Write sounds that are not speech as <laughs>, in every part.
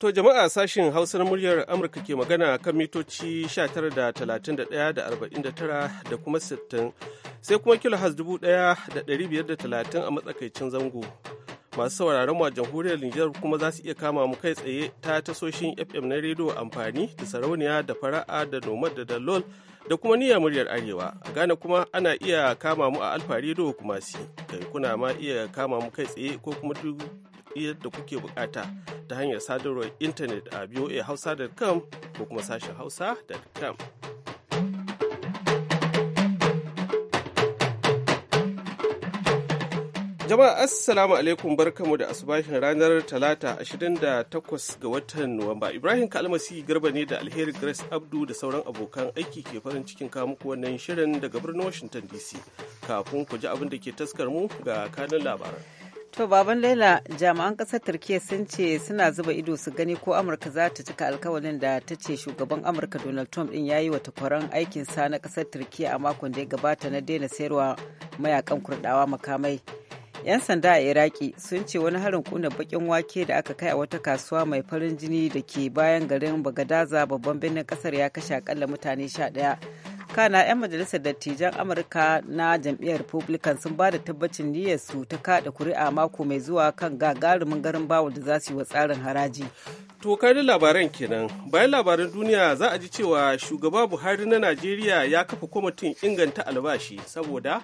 To jama'a sashen Hausa na muryar Amurka ke magana kan mitoci 19.31.49 da kuma 60 sai kuma kilo has 1,530 a matsakaicin zango. Masu sauraron mu a jamhuriyar Nijar kuma za su iya kama mu kai tsaye ta tasoshin FM na rediyo amfani da sarauniya da fara'a da nomad da dalol da kuma niya muryar arewa a Ghana kuma ana iya kama mu a alfa rediyo kuma si kai kuna ma iya kama mu kai tsaye ko kuma yadda kuke bukata ta hanyar sadarwar intanet a voahausa.com ko kuma sashen hausa.com. Jama'a Assalamu alaikum barkamu da asubahin ranar Talata 28 ga watan Nuwamba. Ibrahim Kalmasi garba ne da Alheri Grace Abdu da sauran abokan aiki ke farin cikin kawo muku wannan shirin daga birnin Washington DC. Kafin ku ji abin da ke taskar mu ga kanun labaran. To baban Laila jami'an ƙasar Turkiyya sun ce suna zuba ido su gani ko Amurka za ta cika alkawalin da ta ce shugaban Amurka Donald Trump din yi wa takwaran aikinsa na kasar Turkiyya a makon da ya gabata na daina sayarwa mayakan kurdawa makamai. 'Yan sanda a Iraki sun ce wani harin kuna bakin wake da aka kai a wata kasuwa mai farin jini da ke bayan garin Bagadaza babban birnin kasar ya kashe akalla mutane 11. kana 'yan majalisar dattijan amurka na jam'iyyar republican sun ba da tabbacin su ta kada kuri'a mako mai zuwa kan gagarumin garin bawul da za su yi wa tsarin haraji to kai labaran kenan bayan labaran duniya za a ji cewa shugaba buhari na najeriya ya kafa kwamitin inganta albashi saboda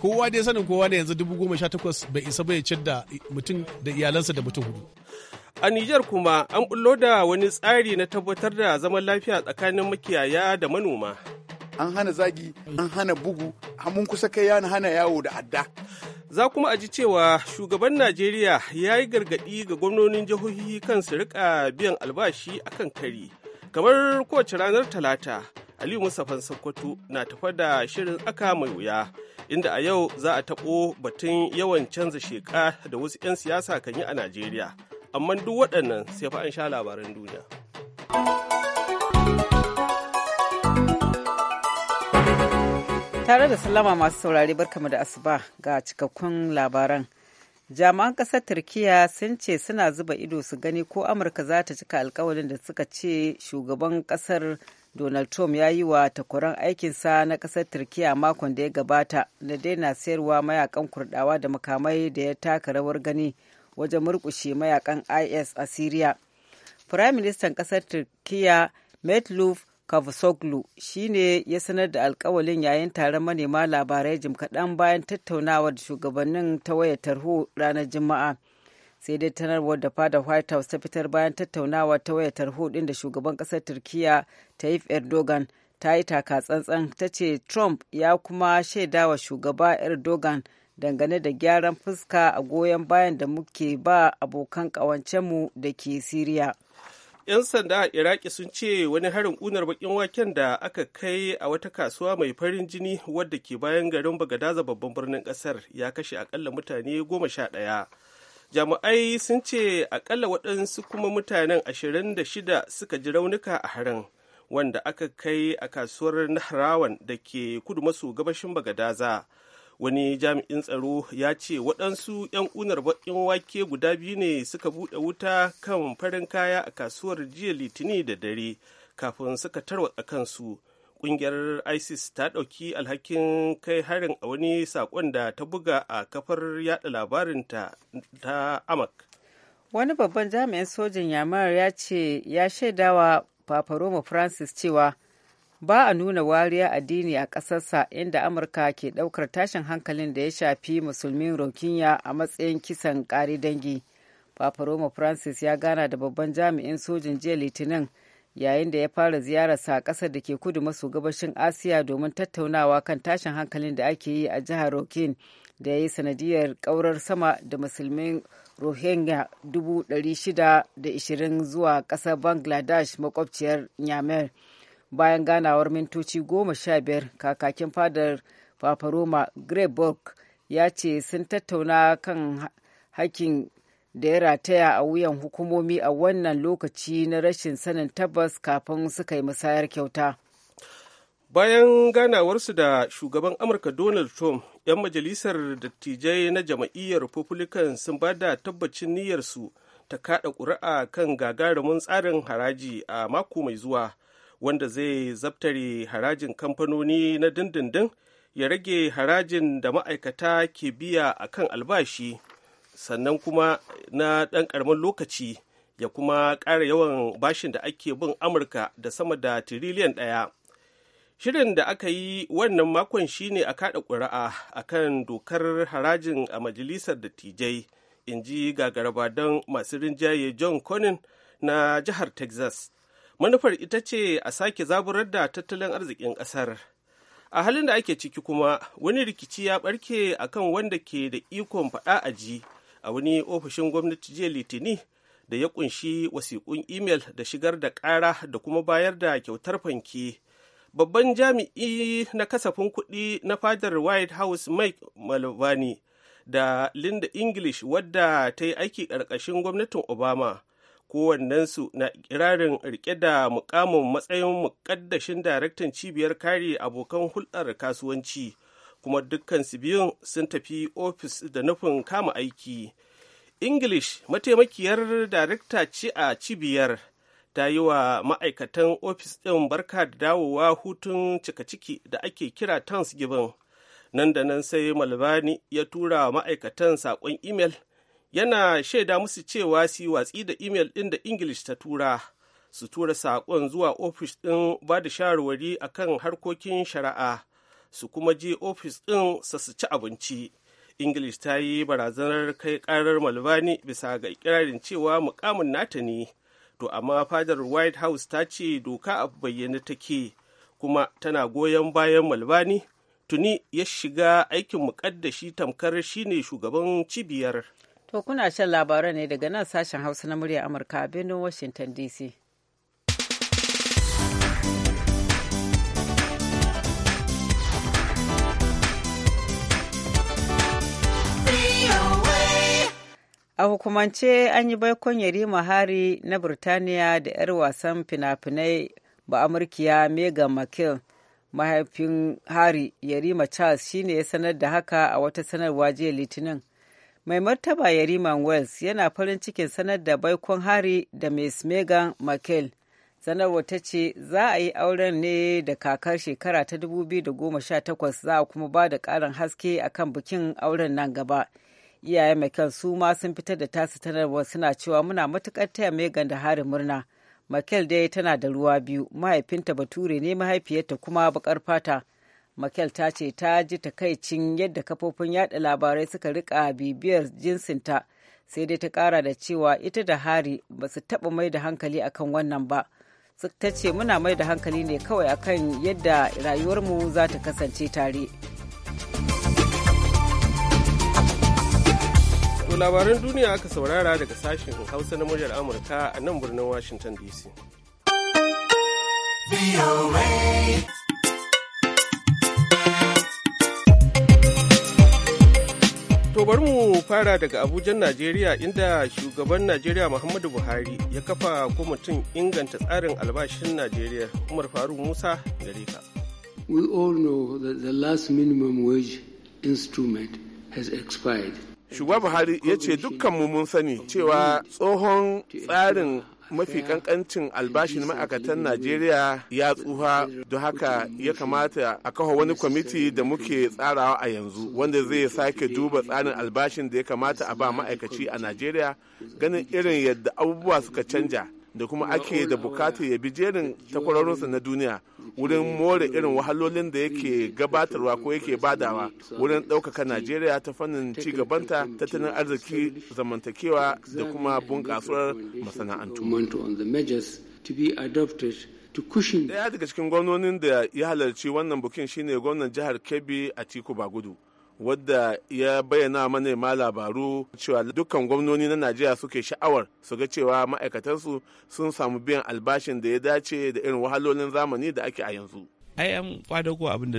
kowa dai sanin kowa da yanzu dubu goma sha takwas bai isa bai ciyar da mutum da iyalansa da mutum hudu A Nijar kuma an bullo da wani tsari na tabbatar da zaman lafiya tsakanin makiyaya da manoma. an hana zagi an hana bugu mun kusa kai ya hana yawo da adda za kuma a ji cewa shugaban najeriya ya yi gargaɗi ga gwamnonin jihohi kan su rika biyan albashi akan kari kamar kowace ranar talata aliyu musafan sokoto na tafa da shirin aka mai wuya inda a yau za a taɓo batun yawan canza sheka da wasu 'yan siyasa kan yi a najeriya amma duk waɗannan sai fa an sha labaran duniya. Tare da sallama masu saurare barkamu da asuba ga cikakkun labaran. Jami'an ƙasar Turkiya sun ce suna zuba ido su gani ko Amurka za ta cika alkawalin da suka ce shugaban ƙasar Donald Trump ya yi wa takwaran aikinsa na ƙasar Turkiya makon da ya gabata na daina sayarwa mayakan kurdawa da makamai da ya taka rawar gani wajen murƙushe mayakan IS a Siriya. ministan ƙasar turkiyya Metluf Kavusoglu shi ne ya sanar da alkawalin yayin taron manema labarai jim kaɗan bayan tattaunawar da shugabannin ta wayar tarho ranar Juma'a. Sai dai tanarwar da fada White House ta fitar bayan tattaunawa ta wayar tarho ɗin da shugaban ƙasar Turkiyya Tayyip Erdogan ta yi taka tsantsan ta ce Trump ya kuma shaidawa shugaba Erdogan dangane da gyaran fuska a goyon bayan da muke ba abokan ƙawancenmu da ke Siriya. 'yan sanda a iraki sun ce wani harin unar bakin waken da aka kai a wata kasuwa mai farin jini wadda ke bayan garin bagadaza babban birnin kasar ya kashe akalla mutane goma sha ɗaya jami'ai sun ce akalla waɗansu kuma mutanen ashirin da shida suka ji raunuka a harin wanda aka kai a kasuwar nahrawan da ke kudu maso gabashin bagadaza wani jami'in tsaro ya ce waɗansu 'yan unar baƙin wake guda biyu ne suka buɗe wuta kan farin kaya a kasuwar jiya litini da dare kafin suka tarwatsa kansu ƙungiyar isis ta ɗauki alhakin kai harin a wani saƙon da ta buga a kafar yada labarinta ta amak wani babban jami'in sojin yamar ya ce ya shaidawa paparoma francis cewa ba a nuna wariya addini a ƙasarsa inda amurka ke ɗaukar tashin hankalin da ya shafi musulmin rokinya a matsayin kisan ƙari dangi papa roma francis ya gana da babban jami'in sojin jiya litinin yayin da ya fara ziyararsa a ƙasar da ke kudu maso gabashin asiya domin tattaunawa kan tashin hankalin da ake yi a jihar rokin da ya yi sanadiyar ƙaurar sama da musulmin rohingya 620 zuwa ƙasar bangladesh makwabciyar nyamir bayan ganawar mintoci goma sha biyar kakakin fadar fafaroma greyburg ya ce sun tattauna kan hakkin da ya rataya a wuyan hukumomi a wannan lokaci na rashin sanin tabbas kafin suka yi musayar kyauta bayan ganawarsu da shugaban amurka donald trump 'yan majalisar dattijai na jam'iyyar republican sun ba da tabbacin niyyarsu ta kada kuri'a kan gagarumin tsarin haraji a mako mai zuwa wanda zai zabtare harajin kamfanoni na dindindin ya rage harajin da ma'aikata ke biya a kan albashi sannan kuma na ɗan ƙaramin lokaci ya kuma ƙara yawan bashin da ake bin amurka da sama da tiriliyan ɗaya shirin da aka yi wannan makon shine a kaɗa ƙuri'a a kan dokar harajin a majalisar dattijai in ji gagaraba masu rinjaye john conin na jihar texas manufar ita ce a sake zaburar da tattalin arzikin ƙasar a halin da ake ciki kuma wani rikici ya ɓarke kan wanda ke da ikon faɗa a ji a wani ofishin gwamnati jiya litini da ya kunshi wasiƙun imel da shigar da ƙara da kuma bayar da kyautar fanki babban jami'i na kasafin kuɗi na fadar white house mike malvani da linda english wadda ta yi aiki ƙarƙashin gwamnatin obama kowannensu na kirarin rike da mukamin matsayin mukaddashin daraktan cibiyar kare abokan hulɗar kasuwanci kuma dukkan su biyun sun tafi ofis da nufin kama aiki english mataimakiyar darakta ce a cibiyar ta yi wa ma'aikatan ofis ɗin barka da dawowa hutun cika ciki da ake kira thanksgiving nan da nan sai malvani ya tura ma'aikatan saƙon imel yana shaida musu cewa su watsi da imel ɗin da Ingilish ta tura, su tura saƙon zuwa ofis ɗin ba da shawarwari akan harkokin shari'a, su kuma je ofis ɗin sa su ci abinci. Ingilish ta yi barazanar kai ƙarar Malvani bisa ga ikirarin cewa mukamin nata ne, to amma fadar White House ta ce doka a bayyane take, kuma tana goyon bayan Malvani tuni ya shiga aikin mukaddashi tamkar shine shugaban cibiyar. To kuna shan labaran ne daga nan sashen Hausa na murya Amurka a birnin Washington DC. A hukumance an yi baikon Yarima Hari na Burtaniya da 'yar wasan fina-finai ba Amurkiya Megan McKill. Mahaifin Hari Yarima Charles shine ya sanar da haka a wata sanarwa jiya Litinin. mai martaba yariman wells yana farin cikin sanar da baikon hari da miss megan makel sanarwar ta ce za a yi auren ne da kakar shekara ta 2018 za a kuma ba da ƙarin haske a kan bikin auren nan gaba iyaye makel su ma sun fitar da tasu sanarwar suna cewa muna matuƙar taya megan da harin murna makel dai tana da ruwa biyu mahaifinta bature ne mahaifiyarta kuma baƙar fata Makel ta ce ta ji takaicin yadda kafofin yada labarai suka rika bibiyar jinsinta sai dai ta kara da cewa ita da hari ba su taba mai da hankali akan wannan ba. ta ce muna mai da hankali ne kawai akan yadda rayuwarmu za ta kasance tare. labaran duniya aka saurara daga sashen hausa na muryar amurka a nan birnin washington dc. bari mu fara daga Abuja, Najeriya inda shugaban Najeriya Muhammadu Buhari ya kafa kwamitin inganta tsarin albashin Najeriya Umar Faru Musa gare ka. We all know that the last minimum wage instrument has expired. Shugaba Buhari ya ce dukkanmu mun sani cewa tsohon tsarin mafi kankancin albashin ma'aikatan najeriya ya tsuha don haka ya kamata a kawo wani kwamiti da muke tsarawa a yanzu wanda zai sake duba tsarin albashin da ya kamata a ba ma'aikaci a najeriya ganin irin yadda abubuwa suka canja da kuma ake da bukatar ya bi jerin takwarorinsa na duniya wurin more irin wahalolin da yake gabatarwa ko yake badawa wurin ɗaukaka najeriya ta fannin ci gabanta tattalin arziki zamantakewa da kuma bunƙasuwar masana'antu daya daga cikin gwamnonin da ya halarci wannan bukin shine gwamnan jihar kebbi a tiku bagudu wadda ya bayyana manema labaru cewa dukkan gwamnoni na najeriya suke sha'awar su ga cewa ma'aikatansu sun samu biyan albashin da ya dace da irin wahalolin zamani da ake a yanzu ai an ko abin da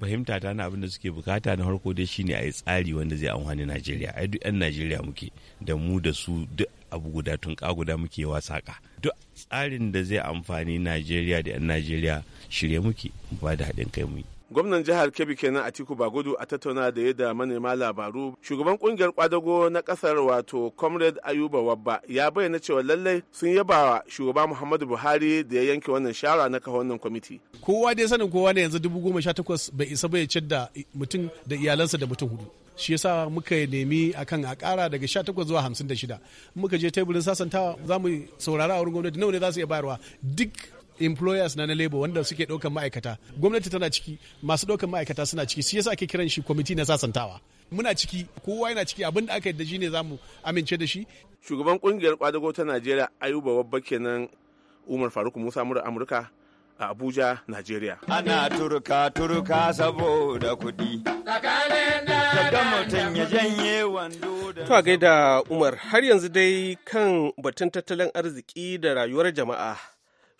fahimta ta na abin da suke bukata na harko dai shine a yi tsari wanda zai amfani najeriya ai duk yan najeriya muke da mu da su duk abu guda tun guda muke wasaka duk tsarin da zai amfani najeriya da yan najeriya shirye muke ba da haɗin kai mu gwamnan jihar kebbi kenan atiku bagudu a tattauna da yadda manema labaru shugaban kungiyar kwadago na kasar wato comrade ayuba wabba ya bayyana cewa lallai sun yaba wa shugaba muhammadu buhari da ya yanke wannan shara na kawo wannan kwamiti kowa dai sanin kowa ne yanzu dubu goma sha takwas bai isa bai ciyar da mutum da iyalansa da mutum hudu shi yasa muka nemi akan a kara daga sha takwas zuwa hamsin da shida muka je teburin sasantawa za mu saurara a wurin gwamnati nawa ne za su iya bayarwa duk employers na na labor wanda suke ɗaukan ma'aikata gwamnati tana ciki masu ɗaukan ma'aikata suna ciki shi yasa ake kiran shi kwamiti na sasantawa muna ciki kowa yana ciki abin da aka yi da shi ne za mu amince da shi shugaban kungiyar kwadago ta najeriya ayuba babba kenan umar faruk musa mura amurka a abuja najeriya ana turka turka saboda kuɗi To a gaida Umar har yanzu dai kan batun tattalin arziki da rayuwar jama'a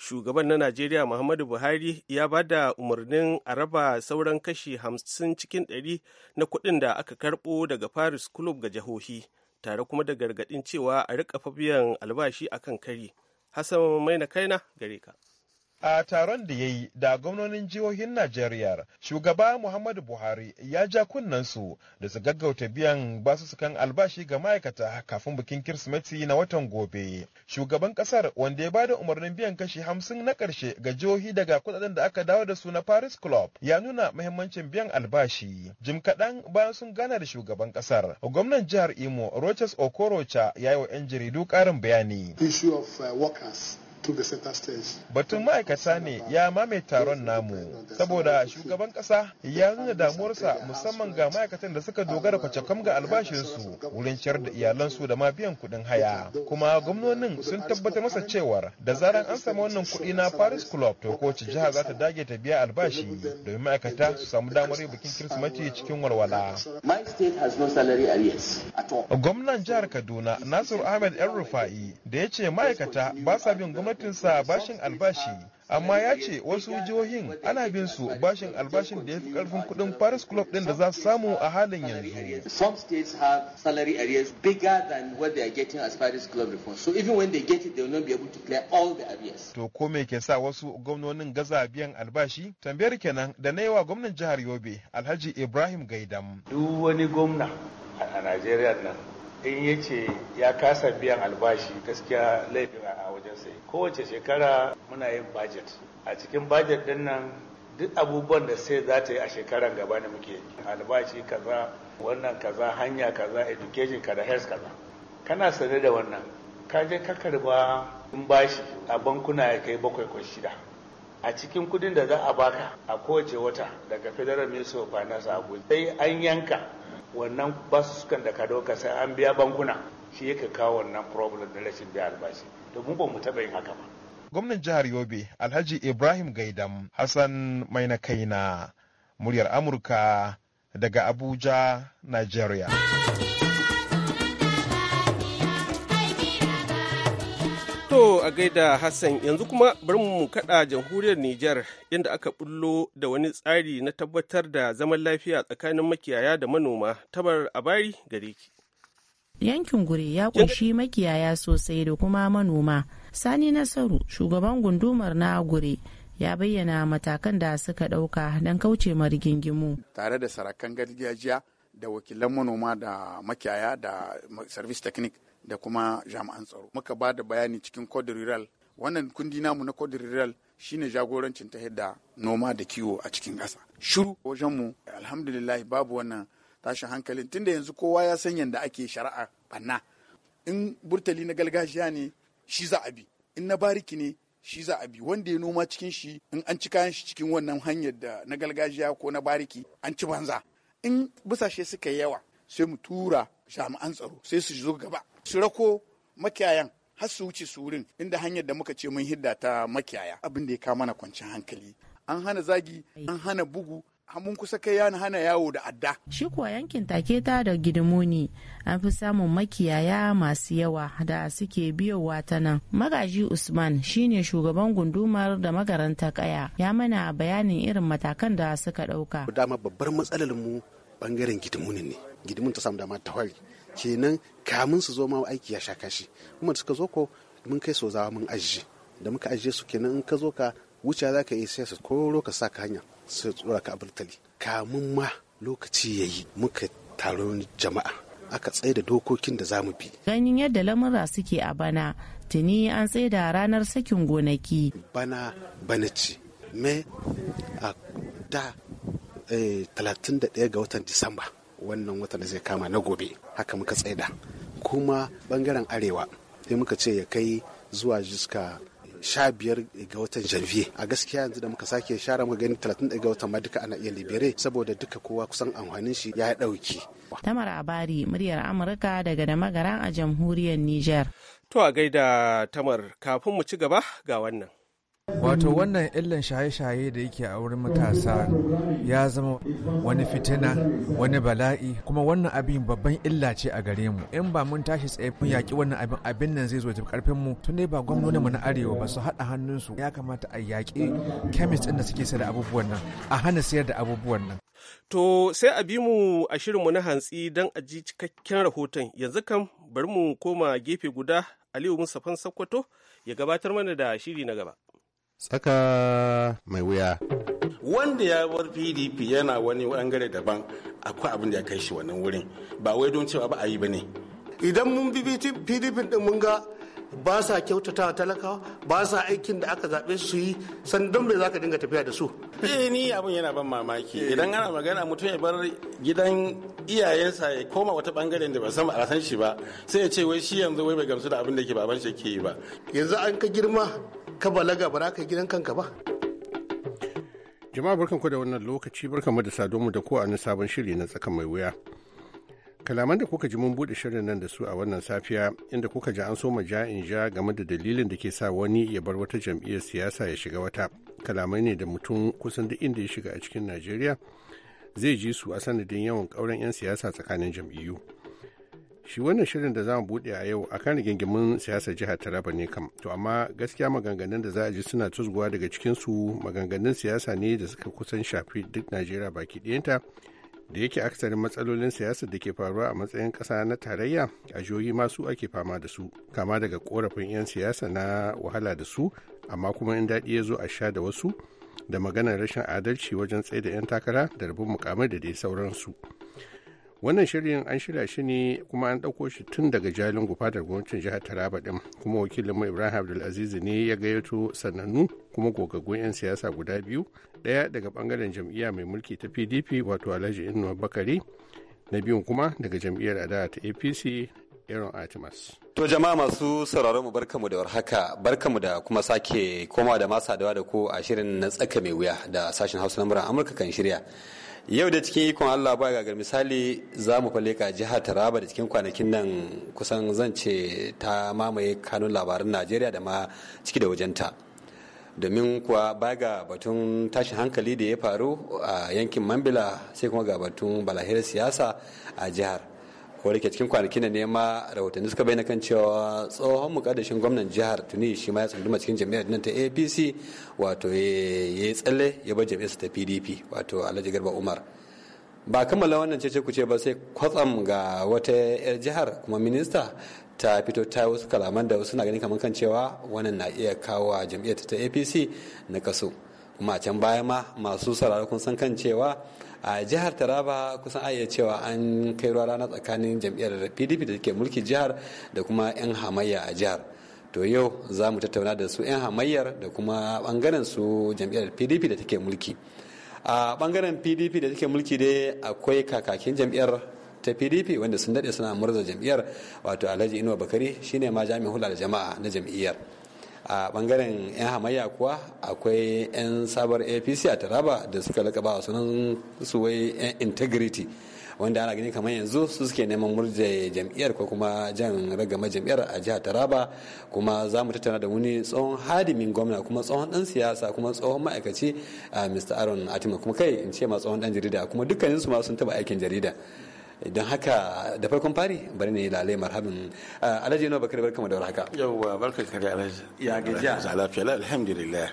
shugaban na najeriya muhammadu buhari ya ba da umarnin a raba sauran kashi hamsin cikin ɗari na kuɗin da aka karɓo daga paris club ga jihohi tare kuma da gargaɗin cewa a riƙa fabiyan albashi akan kari hassan maina kaina gare ka A taron da ya yi da gwamnonin jihohin Najeriya, shugaba Muhammadu Buhari ya ja kunnansu, da su gaggauta biyan basussukan albashi ga ma'aikata kafin bikin Kirsimeti na watan gobe. Shugaban kasar wanda ya bada umarnin biyan kashi hamsin na karshe ga jihohi daga kudaden da aka dawo da su na Paris Club ya nuna muhimmancin biyan albashi. Jim kaɗan bayan sun gana da shugaban kasar. Gwamnan jihar Imo Rochas Okorocha ya yi wa 'yan jaridu ƙarin bayani. Issue uh, Batun ma'aikata ne ya mame taron namu, saboda shugaban kasa ya nuna damuwarsa musamman ga ma'aikatan da suka dogara kwacakam ga albashinsu wurin ciyar da iyalansu da ma biyan kuɗin haya. Kuma gwamnonin sun tabbatar masa cewar da zaran an samu wannan kuɗi na Paris Club to kowace jiha za ta dage ta biya albashi domin ma'aikata su samu damar bikin Kirsimeti cikin walwala. Gwamnan jihar Kaduna Nasiru Ahmed 'yan Rufa'i da ya ce ma'aikata ba sa bin gwamnati gwamnatinsa bashin albashi amma ya ce wasu jihohin ana bin su bashin albashin da ya fi karfin kudin paris club din da za su samu a halin yanzu some states have salary arrears bigger than what they are getting as paris club reform so even when they get it they will not be able to clear all the arrears to ko me ke sa wasu gwamnonin gaza biyan albashi tambayar kenan da na yi wa gwamnan jihar yobe alhaji ibrahim gaidam duk wani gwamna a najeriya nan in ya ce ya kasa biyan albashi gaskiya laifin a wajen sai kowace shekara muna yin budget a cikin budget din nan duk abubuwan da sai za ta yi a shekaran gaba ne muke albashi kaza wannan kaza hanya kaza education kaza health kaza kana sane da wannan ka je ka karba in bashi a bankuna ya kai bakwai ko shida a cikin kudin da za a baka a kowace wata daga federal ministry of finance a sai an yanka wannan basuskan da ka dauka sai an biya bankuna shi yake kawo wannan problem da rashin biya albashi domin ba mu taɓa yin haka ba gwamnan jihar yobe alhaji ibrahim gaidam hassan mai na kaina muryar amurka daga abuja nigeria To a gaida Hassan yanzu kuma bari mu kaɗa jamhuriyar Nijar inda aka bullo da wani tsari na tabbatar da zaman lafiya tsakanin makiyaya da manoma tabar a bari gare ki. Yankin guri ya ƙunshi makiyaya sosai da kuma manoma. Sani Nasaru shugaban gundumar na gure ya bayyana matakan da suka ɗauka don kauce ma rigingimu. Tare da sarakan gargajiya da wakilan manoma da makiyaya da service technique da kuma jami'an tsaro muka ba da bayani cikin code rural wannan kundi namu na code rural shine jagorancin ta yadda noma da kiwo a cikin ƙasa shiru wajen mu alhamdulillah babu wannan tashin hankalin tunda yanzu kowa ya san yadda ake shari'a banna in burtali na galgajiya ne shi za a bi in na bariki ne shi za a bi wanda ya noma cikin shi in an ci kayan shi cikin wannan hanyar da na galgajiya ko na bariki an ci banza in busashe suka yawa sai mu tura jami'an tsaro sai su zo gaba su rako makiyayan har su wuce su inda hanyar da muka ce mun hidda ta makiyaya abin da ya kama mana kwanci hankali an hana zagi an hana bugu mun kusa kai yana hana yawo da adda. Shi kuwa yankin taketa da gidimoni an fi samun makiyaya masu yawa da suke biyowa ta nan. Magaji Usman shine shugaban gundumar da magaranta kaya ya mana bayanin irin matakan da suka ɗauka. Dama babbar matsalar mu bangaren gidimunin ne. Gidimun ta samu dama ta kenan kamun su zo ma aiki ya sha kashi kuma da suka zo ko mun kai so zawa mun ajiye da muka ajiye su kenan in ka zo ka wuce za ka iya sai su koro ka sa ka hanya su tsora ka abultali kamun ma lokaci ya yi muka taron jama'a aka tsaye da dokokin da zamu bi ganin yadda lamura suke a bana tuni an tsaye da ranar sakin gonaki bana bana ce me a da 31 eh, ga watan disamba wannan watan da zai kama na gobe haka muka tsaida kuma bangaren arewa sai muka ce ya kai zuwa jiska sha biyar ga watan janvier a gaskiya yanzu da muka sake share muka gani talatin ga watan ma duka ana iya libere saboda duka kowa kusan amfanin shi ya dauki tamar abari muryar amurka daga da magaran a jamhuriyar niger to a gaida tamar kafin mu ci gaba ga wannan wato wannan illan shaye-shaye da yake a wurin matasa ya zama wani fitina wani bala'i kuma wannan abin babban illa ce a gare mu in ba mun tashi tsaye mun yaki wannan abin abin nan zai zo da karfin mu tun dai ba mu na arewa ba su haɗa hannunsu ya kamata a yaki chemist ɗin da suke sayar da abubuwan nan a hana sayar da abubuwan nan To sai a bi mu a shirin mu na hantsi dan a ji cikakken rahoton yanzu kan bari mu koma gefe guda Aliyu Mustapha Sakkwato ya gabatar mana da shiri na gaba. tsaka mai wuya. Wanda ya bar PDP yana wani bangare daban akwai abin da ya kai shi wannan wurin ba wai don cewa ba a yi ba ne. Idan mun bi PDP din mun ga ba sa kyautata talakawa ba sa aikin da aka zaɓe su yi sandan bai za ka dinga tafiya da su. Eh ni abin yana ban mamaki idan ana magana mutum ya bar gidan iyayensa ya koma wata bangaren da ba san ba san shi ba sai ya ce wai shi yanzu wai bai gamsu da abin da ke baban shi ke yi ba. Yanzu an ka girma ka balaga ba ka gidan kanka ba jama'a barkanku da wannan lokaci barkanmu da sadomu da ko a sabon shiri na tsakan mai wuya kalaman da kuka ji mun bude shirin nan da su a wannan safiya inda kuka ji an so ma ja'in ja game da dalilin da ke sa wani ya bar wata jam'iyyar siyasa ya shiga wata kalamai ne da mutum kusan duk inda ya shiga a cikin najeriya zai ji su a sanadin yawan kauren 'yan siyasa tsakanin jam'iyyu shi wannan shirin da za mu buɗe a yau akan rigingimin siyasar jihar taraba ne kam to amma gaskiya maganganun da za a ji suna tuzguwa daga cikin su maganganun siyasa ne da suka kusan shafi duk najeriya baki ɗayanta da yake aksarin matsalolin siyasa da ke faruwa a matsayin ƙasa na tarayya a jihohi masu ake fama da su kama daga korafin 'yan siyasa na wahala da su amma kuma in daɗi ya zo a sha da wasu da maganar rashin adalci wajen tsaye da 'yan takara da rabin mukamai da dai sauransu wannan shirin an shirya shi ne kuma an ɗauko shi tun daga jalin gufa da gwamnatin jihar taraba ɗin kuma wakilin mu ibrahim abdulaziz ne ya gayyato sanannu kuma gogaggun 'yan siyasa guda biyu ɗaya daga bangaren jam'iyya mai mulki ta pdp wato alhaji inuwa bakari na biyun kuma daga jam'iyyar adawa ta apc Aaron Artemis. To jama'a masu sauraron mu barkamu da warhaka barkamu da kuma sake koma da masa da ku a shirin na tsaka mai wuya da sashen Hausa na Amurka kan shirya. yau da cikin ikon allah ba ga misali za mu ka jihar taraba da cikin kwanakin nan kusan zan ce ta mamaye kanun labaran najeriya da ma ciki da wajenta domin kuwa ba ga batun tashin hankali da ya faru a yankin mambila sai kuma ga batun balahir siyasa a jihar ko ke cikin kwanakin ne ma rahotanni suka bayyana kan cewa tsohon mukaddashin gwamnan jihar tuni shi ma ya tsunduma cikin jami'ar nan ta apc wato ya yi tsalle ya bar jami'arsa ta pdp wato alhaji garba umar ba kammala wannan cece kuce ba sai kwatsam ga wata 'yar jihar kuma minista ta fito ta wasu kalaman da wasu na ganin kamar kan cewa wannan na iya kawo jami'ar ta apc na kaso kuma can baya ma masu sauraro kun san kan cewa a jihar taraba kusan aya cewa an kai ruwa rana tsakanin jam'iyyar pdp da take mulki jihar da kuma 'yan hamayya a jihar to yau za mu tattauna da su 'yan hamayyar da kuma bangaren su jam'iyyar pdp da take mulki a bangaren pdp da take mulki dai akwai kakakin jam'iyyar ta pdp wanda sun daɗe suna murza jam'iyyar wato alhaji inuwa bakari shine ma jami'in hulɗa jama'a na jam'iyyar a bangaren 'yan hamayya kuwa akwai 'yan sabar apc a taraba da suka lakaba sunan wai 'yan integrity wanda ana gani kamar yanzu su suke neman murje jam'iyyar ko kuma jan ragama jam'iyyar a jihar taraba kuma za mu tattauna da wani tsohon hadimin gwamna kuma tsohon dan siyasa kuma tsohon ma'aikaci mr aaron atima kuma kai in ce ma tsohon dan jarida kuma dukkaninsu ma sun taba aikin jarida don haka da farkon fari bari ne lalai marhabin alhaji yana bakar barkama da warhaka yawwa barka kare alhaji ya gajiya za lafiya alhamdulillah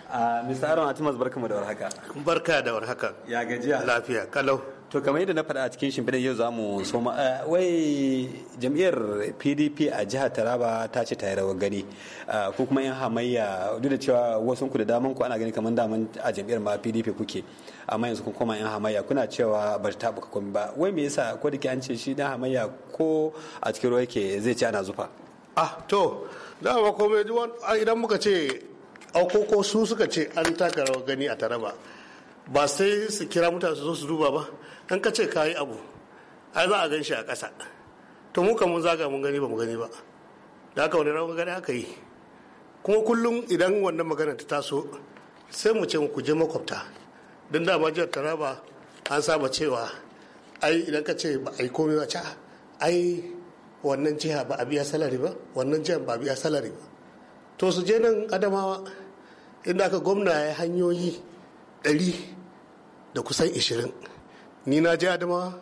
mr aron atimas barkama da warhaka barka da warhaka ya gajiya lafiya kalau to kamar yadda na faɗa a cikin shimfiɗin yau za mu so eh, wai jam'iyyar pdp a jihar taraba ta ce ta yi rawar gani eh, ko kuma yan hamayya duk da cewa wasu ku da daman ku ana gani kamar daman a jam'iyyar ma pdp kuke amma yanzu kun koma yan hamayya kuna cewa ba ta buka komai ba wai me yasa ko da ke an ce shi dan hamayya ko a cikin ruwa yake zai ce ana zufa ah to dama komai idan muka ce ko su suka ce an taka rawar gani a taraba ba sai su kira mutane su zo su duba ba An ka ce ka yi abu ai za a gan shi a ƙasa to mu mun zaga mun gani ba mu gani ba da haka wani rawan gani aka yi kuma kullum idan wannan magana ta taso sai mu ce ku je makwabta don dama jihar taraba an saba cewa ai idan ka ce ba a yi komai ba ai wannan jiha ba a biya salari ba wannan jihar ba a biya salari ba to su je nan adamawa inda aka gwamna ya hanyoyi ɗari da kusan ishirin ni na je adama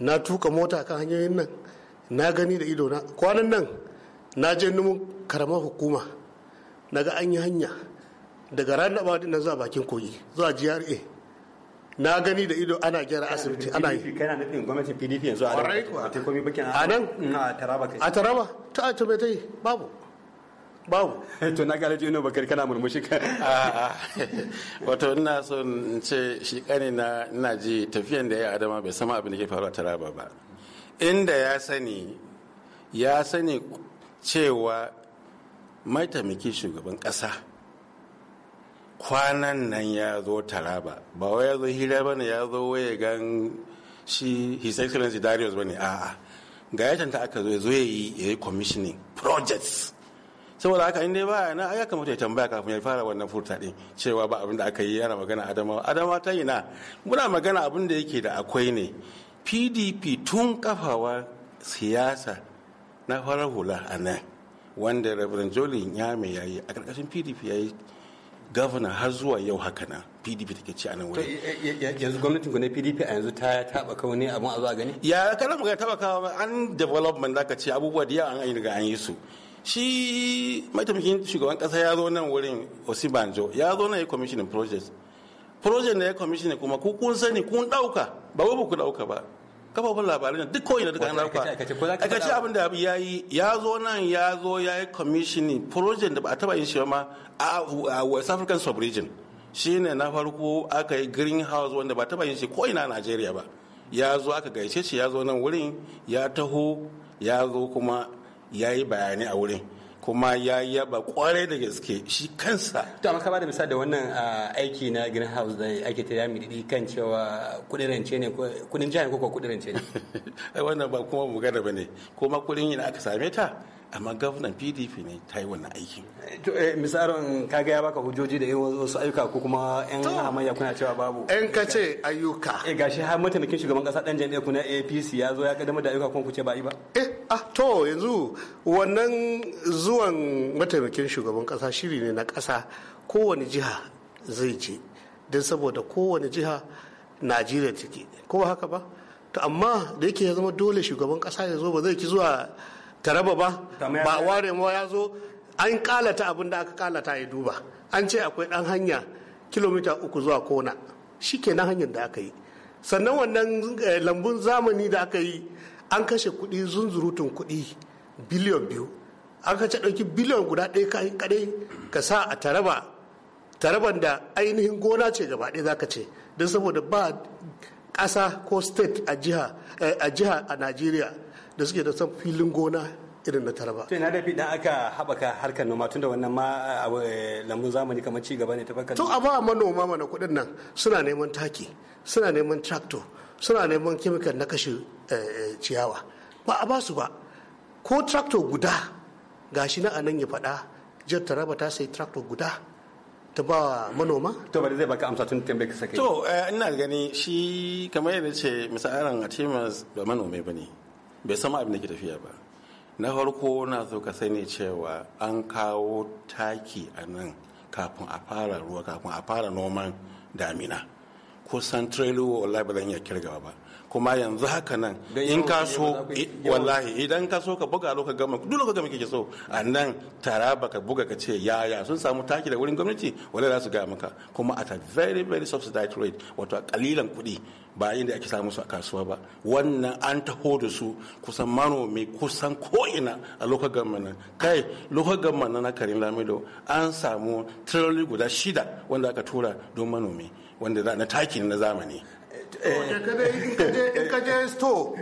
na tuka mota kan hanyoyin nan na gani da ido na kwanan nan na je numun karamar hukuma na ga an yi hanya daga ranar ba na zuwa bakin kogi zuwa GRA na gani da ido ana gyara asibiti ana yi kana nufin gwamnatin PDP yanzu a nan mm, a Taraba a Taraba ta ta yi babu babu <laughs> to na galaji jino bakar kana murmushi ka <laughs> wato ina so in ce shi kane na ina ji tafiyan da ya adama bai sama abin da ke faruwa taraba ba inda ya sani ya sani cewa mataimakin shugaban kasa kwanan nan ya zo taraba ba wai ya zo hira ba ne ya zo waye gan shi his excellency darius ba ne a'a ga yatanta aka zo ya zo ya yi commissioning projects saboda haka inda dai baya na ya kamata ya tambaya kafin ya fara wannan furta din cewa ba abin da aka yi yana magana adamawa adamawa ta yi na muna magana abin da yake da akwai ne pdp tun kafawa siyasa na farar hula a nan wanda reverend jolin yame ya yi a karkashin pdp ya yi gavana har zuwa yau haka na pdp take ci a nan wuri yanzu gwamnatin ku ne pdp a yanzu ta taba kawo ne abun a zuwa gani ya kana magana taba kawo an development zaka ce abubuwa da yawa an yi daga an yi su shi mataimakin shugaban kasa ya zo nan wurin osibanjo ya zo nan ya commissioning project project na ya commissioning kuma ku kun sani kun dauka ba wai ku dauka ba kafafun labarai na duk koyi na duka an dauka aikace abin da ya yi ya zo nan ya zo ya yi commissioning project da ba a taba yin shi ma a west african sub-region shine na farko aka yi greenhouse wanda ba taba yin shi ko ina najeriya ba ya zo aka gaishe shi ya zo nan wurin ya taho ya zo kuma ya yi bayani a wurin kuma ya yaba kwarai da gaske shi kansa to amma ka bada misali da wannan aiki na greenhouse da ake ta yami didi kan cewa kudin rance ne kudin jihar ko kudin rance ne <laughs> ai wannan ba kuma magana bane kuma kudin yin aka same ta amma gwamnan pdp ne ta yi wannan aikin eh, misalin kaga ya baka hujjoji da wasu ayyuka ko kuma yan hamayya kuna cewa babu yan ka ce ayyuka e gashi har mataimakin shugaban kasa dan jami'a kuna apc ya zo ya kaddamar da ayyuka kuma ku ce ba yi ba eh ah to yanzu wannan zuwan mataimakin shugaban kasa shiri ne na kasa kowane jiha zai je don saboda kowane jiha najeriya take ko haka ba to amma da yake ya zama dole shugaban kasa ya zo ba zai ki zuwa ta raba ba ba ware ma ya zo an kalata abin da aka kalata ya duba an ce akwai dan hanya kilomita uku zuwa kona shi ke na hanyar da aka yi sannan wannan eh, lambun zamani da aka yi an kashe kudi zunzurutun kudi biliyon biyu an kace ɗauki biliyon guda ɗaya kayan kaɗai ka sa a taraba taraban da ainihin gona ce gaba ɗaya zaka ce don saboda ba ƙasa ko state a jiha eh, a najeriya da suke da san filin gona irin na taraba. To ina da dan aka haɓaka harkar noma tunda wannan ma eh, eh, lambun zamani kamar ci gaba ne ta fakar. To a ba manoma mana kuɗin nan suna neman taki, suna neman tractor, suna neman chemical na kashe eh, ciyawa. Ba a ba su ba. Ko tractor guda gashi na anan ya faɗa jar taraba ta sai tractor guda ta ba manoma? To ba zai baka amsa tun tambaye ka sake. To ina gani shi kamar yadda ce misalin a ce ba manoma ba ne. bai sama abin da ke tafiya ba na farko na so ka sani cewa an kawo taki a nan kafin a fara ruwa kafin a fara noman damina kusan trailer wallahi ba zan iya kirgawa ba kuma yanzu haka nan in ka so wallahi idan ka so ka buga lokacin gama duk lokacin gama kike so a nan tara ka buga ka ce yaya sun samu taki da wurin gwamnati wallahi za su gaya maka kuma at a very very subsidized rate wato a kalilan kuɗi ba inda ake samu su a kasuwa ba wannan an taho da su kusan manomi kusan ko'ina a lokacin gama nan kai gama nan na karin lamido an samu tiroli guda shida wanda aka tura don manomi wanda za na takin na zamani eh, eh, in ka je sto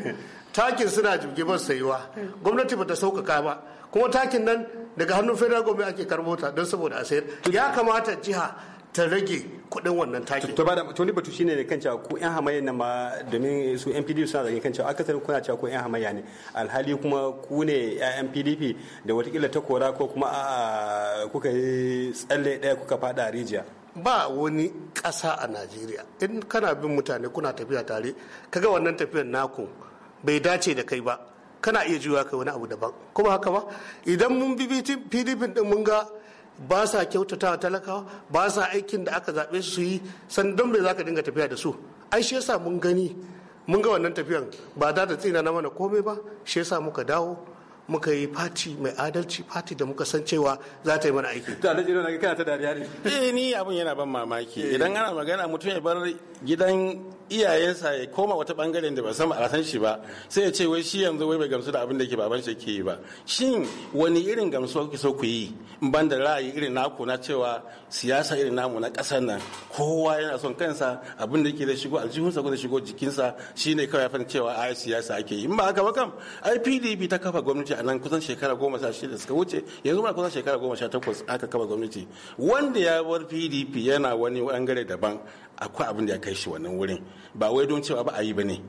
takin suna jirgin sayuwa gwamnati ba ta sauƙaƙa ba kuma takin nan daga hannun federal government ake karbo ta don saboda a sayar ya kamata jiha ta rage kuɗin wannan takin. To da to batu shine ne kan cewa ko yan hamayya ne ma domin su NPD suna zargin kan cewa Akasari kuna cewa ko yan hamayya ne alhali kuma ku ne yan PDP da watakila ta kora ko kuma a kuka yi tsalle ɗaya kuka faɗa rijiya. ba wani ƙasa a najeriya in kana bin mutane kuna tafiya tare kaga wannan tafiyan naku bai dace da kai ba kana iya juya kai wani abu daban kuma haka ba idan mun bi pdp din mun ga ba sa kyautata wa talakawa ba sa aikin da aka zaɓe su yi sandan bai zaka dinga tafiya da su ai shi yasa mun gani mun ga wannan tafiyan ba za ta tsina na mana komai ba shi yasa muka dawo muka yi fati mai adalci fati da muka san cewa za ta yi mana aiki to alhaji na kana ta dariya ne eh ni abin yana ban mamaki eh. idan ana magana mutum ya bar gidan iyayensa ya koma wata bangaren da ba san ba san shi ba sai ya ce wai shi yanzu wai bai gamsu da abin da ke baban shi ke yi ba shin wani irin gamsuwa kuke so ku yi ban da ra'ayi irin naku na cewa siyasa irin namu na ƙasar nan kowa yana son kansa abin da yake da shigo aljihunsa ko da shigo jikinsa shine kawai ya fahimci cewa ai siyasa ake yi in ba haka ba kam ai PDP ta kafa gwamnati a nan kusan shekara goma sha shida suka wuce yanzu muna kusan shekara goma sha takwas aka kama gwamnati wanda ya bar pdp yana wani bangare daban akwai abin da ya kai shi wannan wurin ba wai don cewa ba a yi ba ne.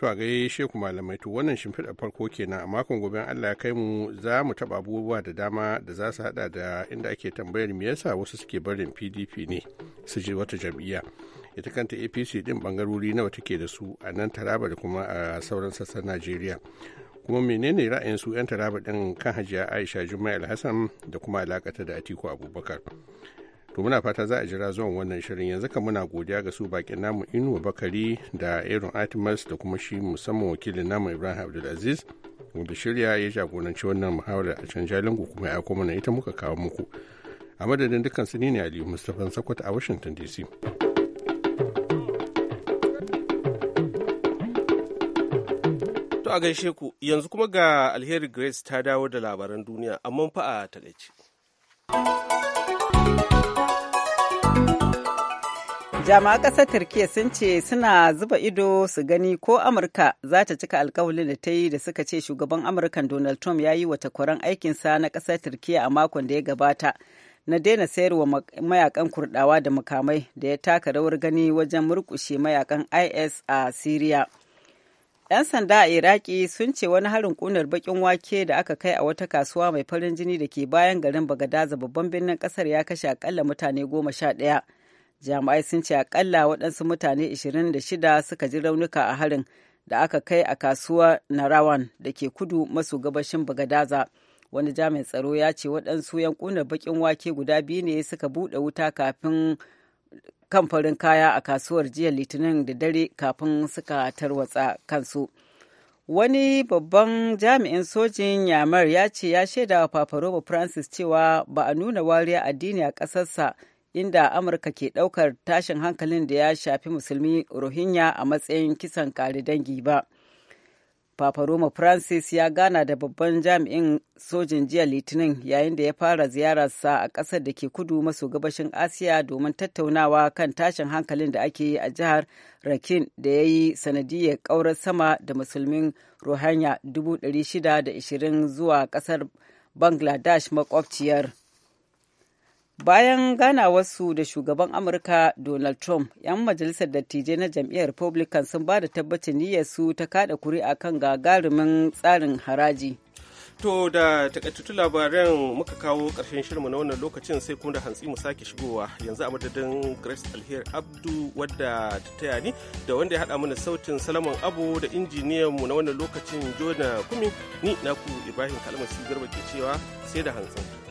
To a gaishe ku malamai to wannan shimfiɗa farko kenan a makon gobe Allah ya kai mu za mu taɓa abubuwa da dama da za su haɗa da inda ake tambayar me yasa wasu suke barin PDP ne su je wata jam'iyya. ita kanta apc din bangarori nawa take da su a nan taraba da kuma a sauran sassan najeriya kuma menene ra'ayin su 'yan taraba din kan hajiya aisha juma'a alhassan da kuma alakata da atiku abubakar to muna fata za a jira zuwan wannan shirin yanzu kan muna godiya ga su bakin namu inu bakari da irin artemis da kuma shi musamman wakilin namu ibrahim abdulaziz wanda shirya ya jagoranci wannan muhawarar a can jalingu kuma ya kuma na ita muka kawo muku a madadin dukkan su ne aliyu mustapha sakwata a washington dc To a gaishe ku yanzu kuma ga alheri Grace ta dawo da labaran duniya amma fa a takaice. jama'a ƙasar turkiya sun ce suna zuba ido su gani ko amurka za ta cika alkawalin da ta yi da suka ce shugaban amurkan donald trump ya yi wa takwaran aikinsa na ƙasar turkiya a makon da ya gabata na daina sayarwa mayakan kurdawa da mukamai da ya taka rawar gani wajen murkushe mayakan is a syria 'Yan sanda a Iraki sun ce wani harin kunar bakin wake da aka kai a wata kasuwa mai farin jini da ke bayan garin Bagadaza babban birnin kasar ya kashe akalla mutane goma sha ɗaya. Jami'ai sun ce akalla waɗansu mutane 26 suka ji raunuka a harin da aka kai a kasuwar Narawan da ke kudu maso gabashin Bagadaza. Wani jami'in tsaro ya ce waɗansu yankunan bakin wake guda biyu ne suka buɗe wuta kafin kan farin kaya a kasuwar jiya litinin da dare kafin suka tarwatsa kansu wani babban jami'in sojin yamar ya ce ya shaida wa francis cewa ba a nuna wariya addini a ƙasarsa inda amurka ke ɗaukar tashin hankalin da ya shafi musulmi rohingya a matsayin kisan kare dangi ba Papa Roma Francis ya gana da babban jami'in sojin jiya Litinin yayin da ya fara ziyararsa a ƙasar da ke kudu maso gabashin Asiya domin tattaunawa kan tashin hankalin da ake yi a jihar Rakin da ya yi sanadiyar ƙaurar sama da musulmin Rohanya 620 zuwa ƙasar Bangladesh makwabciyar. bayan ganawarsu da shugaban amurka donald trump 'yan majalisar dattijai na jam'iyyar republican sun ba da tabbacin niyyarsu ta kada a kan gagarumin tsarin haraji To da takaitattun labaran muka kawo karshen shirinmu na wannan lokacin sai kuma da hantsi mu sake shigowa yanzu a madadin Grace Alheri Abdu wadda ta taya ni da wanda ya haɗa mana sautin Salaman Abu da injiniyan mu na wannan lokacin Jona Kumi ni naku Ibrahim Kalmasi Garba ke cewa sai da hantsi.